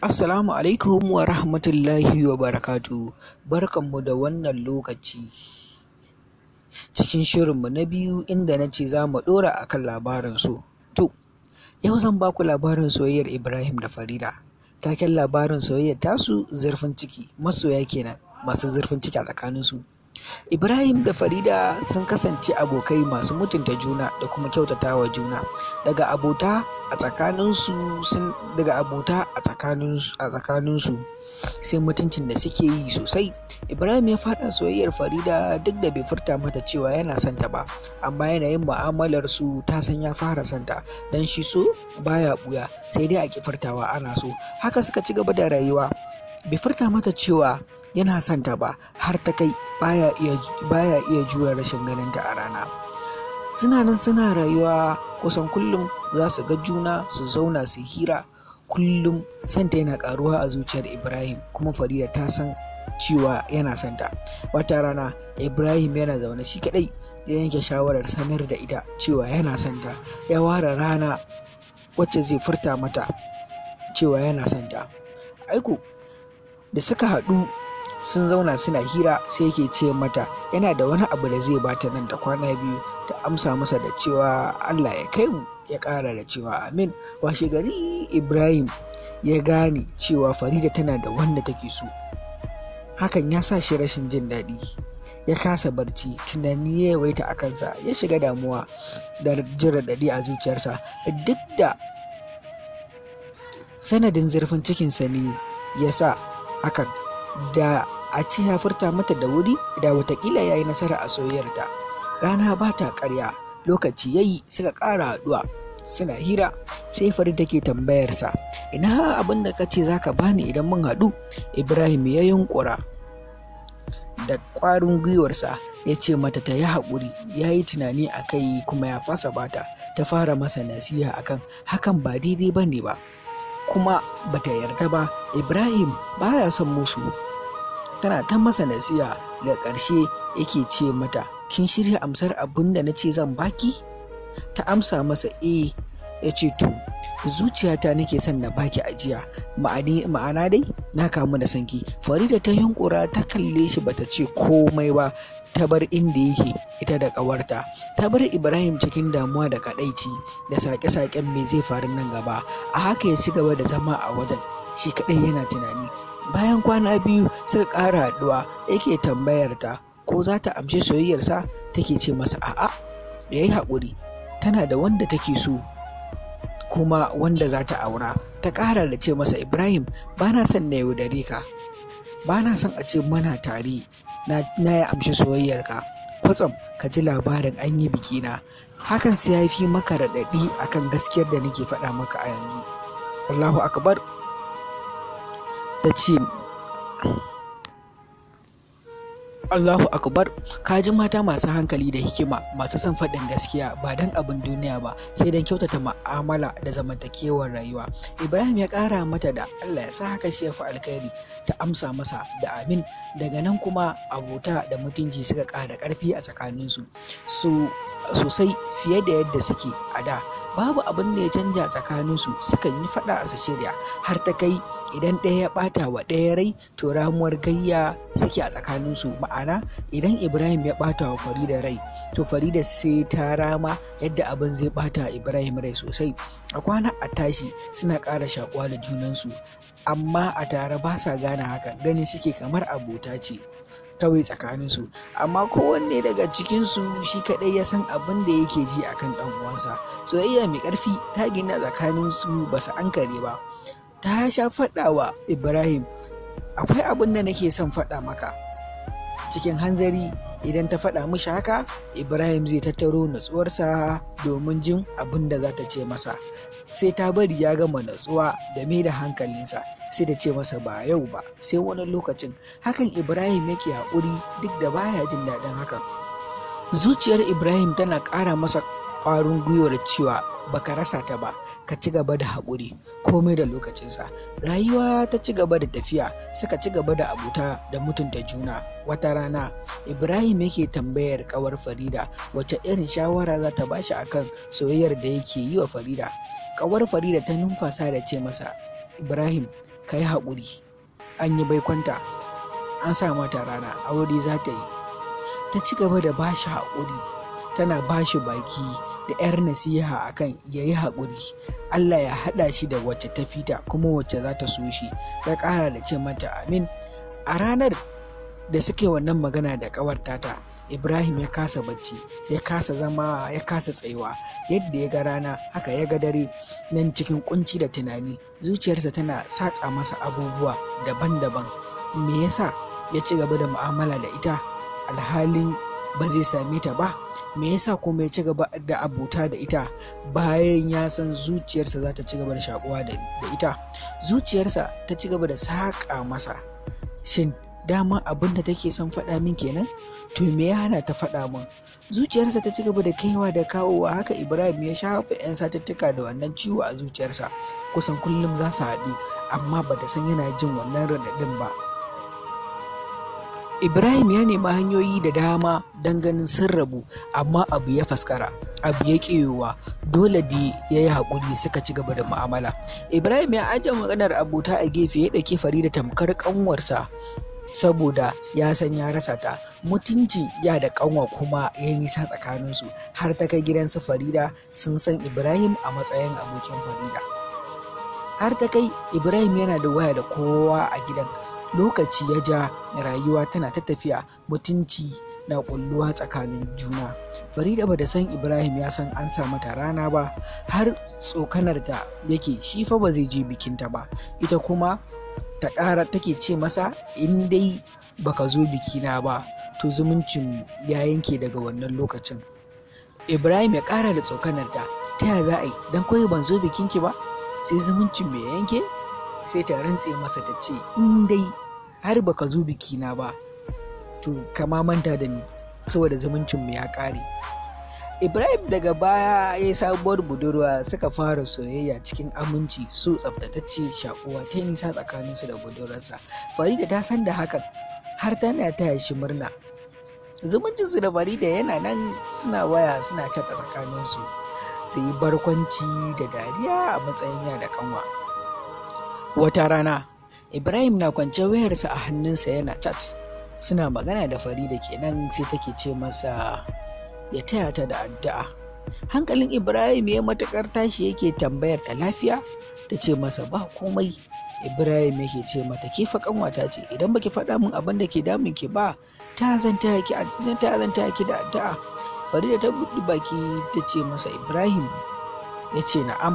Assalamu alaikum wa rahmatullahi wa barakatu. Barkanmu da wannan lokaci. Cikin shirinmu na biyu inda na ce za mu ɗora a kan labarin so. To, yau zan ba ku labarin soyayyar Ibrahim da Farida. Taken labarin soyayyar tasu zurfin ciki, masoya kenan masu zurfin ciki a tsakaninsu. Ibrahim da Farida sun kasance abokai masu mutunta juna da kuma kyautatawa juna, daga abota a tsakaninsu sai mutuncin da suke yi sosai. Ibrahim ya faɗa soyayyar Farida duk da bai furta mata cewa yana son ta ba, amma yanayin su ta san ya fara santa, ta, don shi so baya buya sai dai a ƙi furtawa ana so. Haka suka ci gaba da rayuwa. Bai furta mata cewa yana son ta ba har ta kai baya iya jure rashin ganin ta a rana. Suna nan suna rayuwa kusan kullum za su ga juna su zauna su hira kullum santa yana karuwa a zuciyar Ibrahim kuma Farida ta san cewa yana santa. Wata rana Ibrahim yana zaune shi kadai ya yanke shawarar sanar da ita cewa yana santa ya ware rana wacce zai furta mata cewa yana santa. Aiko da suka haɗu sun zauna suna hira sai yake ce mata yana da wani abu da zai bata nan da kwana biyu ta amsa masa da cewa Allah ya kai mu ya ƙara da cewa amin washe gari Ibrahim ya gane cewa Farida tana da wanda take so hakan ya sa shi rashin jin daɗi ya kasa barci tunani ya yawaita a kansa ya shiga damuwa da jin raɗaɗi a zuciyarsa duk da sanadin zurfin cikinsa ne ya sa hakan da a ce ya furta mata da wuri da watakila ya yi nasara a soyayyarta rana ba ta karya lokaci ya yi suka kara haɗuwa suna hira sai fari take tambayarsa ina abin da ka ce za ka bani idan mun haɗu ibrahim ya yunkura da ƙwarin gwiwarsa ya ce mata ta yi haƙuri ya yi tunani a kai kuma ya fasa bata ta fara masa nasiha akan hakan ba daidai ba ne ba kuma ba ta yarda ba ibrahim baya son musu tana ta masa nasiha da ƙarshe yake ce mata kin shirya amsar abin da na ce zan baki ta amsa masa eh ya ce to zuciyata nake son na baki ajiya ma'ana dai na kamu da sanki farida ta yunkura ta kalle shi bata ce komai ba ta bar inda yake ita da ƙawarta ta bar ibrahim cikin damuwa da kadaici da sake-saken mai zai faru nan gaba a haka ya ci gaba da zama a wajen shi kadai yana tunani bayan kwana biyu suka ƙara haɗuwa yake tambayar ta ko za ta amshi soyayyarsa take ce masa a'a yayi haƙuri tana da wanda take so kuma wanda za ta aura ta ƙara da ce masa ibrahim ba na son na yaudare ka ba na son a ce mana tare na ya amshi soyayyar ka. kwatsam ka ji labarin an yi bikina hakan sai ya fi maka raɗaɗi akan gaskiyar da nake faɗa maka a yanzu allahu akbar ta ce Allahu akbar ka ji mata masu hankali da hikima masu son faɗin gaskiya ba don abin duniya ba sai don kyautata ma'amala da zamantakewar rayuwa Ibrahim ya ƙara mata da Allah ya sa haka shi ya fi alkhairi ta amsa masa da amin daga nan kuma abota da mutunci suka ƙara ƙarfi a tsakaninsu sosai fiye da yadda suke a da babu abin da ya canja tsakaninsu sukan yi faɗa a shirya har ta kai idan ɗaya ya ɓata wa ɗaya rai to ramuwar gayya suke a tsakaninsu ma'a ma'ana idan ibrahim ya bata wa farida rai to farida sai ta rama yadda abin zai bata ibrahim rai sosai a kwana a tashi suna ƙara shakuwa da junansu amma a tare ba sa gane hakan gani suke kamar abota ce kawai tsakaninsu amma kowanne daga cikinsu shi kaɗai ya san abin da yake ji a kan uwansa soyayya mai karfi ta gina tsakaninsu ba su ankare ba ta sha faɗa wa ibrahim akwai abin da nake son faɗa maka cikin hanzari idan ta faɗa mishi haka ibrahim zai tattaro natsuwarsa domin jin abin da za ta ce masa sai ta bari ya gama natsuwa da mai da hankalinsa sai ta ce masa ba yau ba sai wani lokacin hakan ibrahim yake haƙuri duk da baya jin daɗin hakan zuciyar ibrahim tana ƙara masa Kwarin gwiwar cewa baka rasa ta ba ka ci gaba da haƙuri komai da lokacinsa rayuwa ta ci gaba da tafiya suka ci gaba da abuta da mutunta juna wata rana ibrahim yake tambayar ƙawar farida wace irin shawara za ta bashi akan soyayyar da yake yi wa farida Ƙawar farida ta numfasa da ce masa ibrahim ka yi haƙuri an yi baikonta an sa mata rana aure za ta yi ta ci gaba da bashi haƙuri tana ba shi baki da 'yar nasiha akan ya yi haƙuri Allah ya haɗa shi da wacce ta fita kuma wacce za ta so shi ya ƙara da ce mata amin a ranar da suke wannan magana da ƙawarta ta, ibrahim ya kasa bacci ya kasa zama ya kasa tsayuwa yadda ya ga rana haka ya ga dare nan cikin kunci da tunani zuciyarsa tana saƙa masa abubuwa daban-daban me yasa ya ci gaba da mu'amala da ita alhalin ba zai same ta ba me yasa kuma ya ci gaba da abota da ita bayan ya san zuciyarsa za ta ci gaba da shakuwa da ita zuciyarsa ta ci gaba da saƙa masa shin dama abin da take son faɗa min kenan to me ya hana ta faɗa min zuciyarsa ta ci gaba da kaiwa da kawowa haka ibrahim ya shafa 'yan satattuka da wannan ciwo a zuciyarsa kusan kullum za su haɗu amma ba ta san yana jin wannan raɗaɗin ba Ibrahim ya nemi hanyoyi da dama don ganin sun rabu amma abu ya faskara abu ya ƙewa dole da ya yi haƙuri suka ci gaba da mu'amala Ibrahim ya ajiye maganar abota a gefe ya ɗauki Farida tamkar ƙanwarsa saboda ya san ya rasa ta mutunci ya da ƙanwa kuma ya yi nisa tsakaninsu har ta kai gidansa Farida sun san Ibrahim a matsayin abokin Farida har ta kai Ibrahim yana da waya da kowa a gidan lokaci ya ja rayuwa tana ta tafiya mutunci na ƙulluwa tsakanin juna farida bata san ibrahim ya san an sa mata rana ba har tsokanar ta yake shi fa ba zai je bikinta ba ita kuma ta ƙara take ce masa in dai baka zo bikina ba to zumuncin ya yanke daga wannan lokacin ibrahim ya ƙara da tsokanar ta ta yaya za a yi don kawai ban zo bikinki ba sai zumuncin mai yanke sai ta rantse masa ta ce in dai har baka zo biki na ba to kama manta da ni saboda zumuncin mu ya ƙare ibrahim daga baya ya yi sabuwar budurwa suka fara soyayya cikin aminci su tsaftatacce shakuwa ta nisa tsakaninsu da budurwarsa farida ta san da hakan har tana taya shi murna zumuncinsu da farida yana nan suna waya suna cata tsakaninsu su yi barkwanci da dariya a matsayin ya da kanwa Wata rana, Ibrahim na kwance wayarsa a hannunsa yana cat. Suna magana da Farida kenan sai take ce masa ya taya ta da addu'a. Hankalin Ibrahim ya matakar tashi yake tambayar ta lafiya, ta ce masa ba komai. Ibrahim yake ce mata ke fa kanwata ce idan baki faɗa min abin da ke damun ki ba ta zanta taya ta ki da addu'a. Farida ta buɗe baki ta ce masa Ibrahim ya ce na'am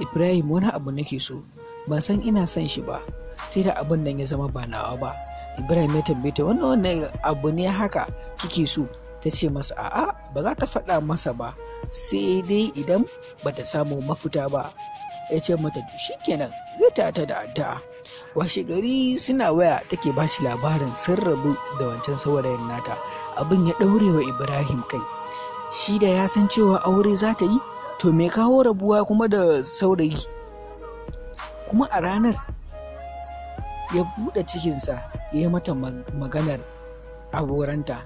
Ibrahim wani abu nake so ban san ina son shi ba sai da abin nan ya zama ba nawa ba Ibrahim ya tambaye ta wannan wannan abu ne haka kike so ta ce masa a'a ba za ta faɗa masa ba sai dai idan ba ta samu mafita ba ya ce mata shikenan zai ta ta da addu'a washe gari suna waya take ba shi labarin sun rabu da wancan saurayin nata abin ya ɗaure wa ibrahim kai shi da ya san cewa aure za ta yi to me kawo rabuwa kuma da saurayi kuma a ranar ya bude cikinsa ya yi mata maganar aboranta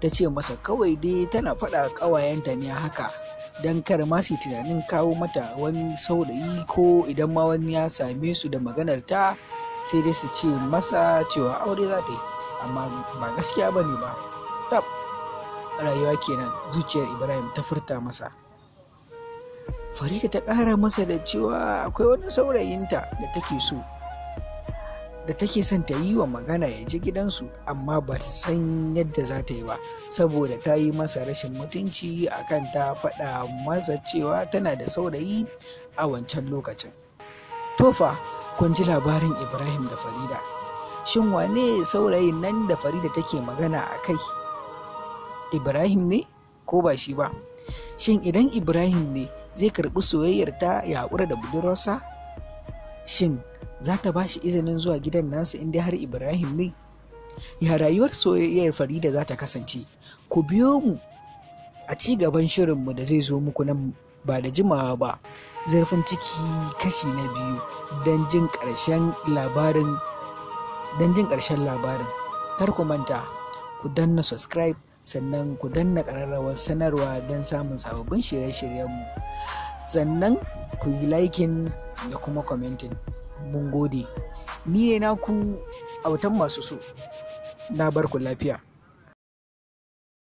ta ce masa kawai dai tana faɗa ƙawayenta ne haka don kar ma su tunanin kawo mata wani saurayi ko idan ma wani ya same su da maganar ta sai dai su ce masa cewa aure za ta yi amma ba gaskiya ba ne ba tab rayuwa kenan zuciyar ibrahim ta furta masa farida ta ƙara masa da cewa akwai wani saurayinta da take so da take son ta yi wa magana ya je gidansu amma ba ta san yadda za ta yi ba saboda ta yi masa rashin mutunci akan ta faɗa masa cewa tana da saurayi a wancan lokacin tofa kun ji labarin ibrahim da farida shin wane saurayin nan da farida take magana a kai ibrahim ne ko ba shi ba shin idan ibrahim ne zai karɓi soyayyar ta ya haƙura da budurwarsa shin za ta ba shi izinin zuwa gidan nasu inda har ibrahim ne ya rayuwar soyayyar farida za ta kasance ku biyo mu a ci gaban shirinmu da zai zo muku nan ba da jimawa ba zurfin ciki kashi na biyu don jin ƙarshen labarin don jin ƙarshen labarin kar ku manta ku danna subscribe sannan ku danna ƙararrawar sanarwa don samun sababbin shirye-shiryenmu sannan ku yi laikin da kuma commenting mun gode ni ne naku autan masu so na barku lafiya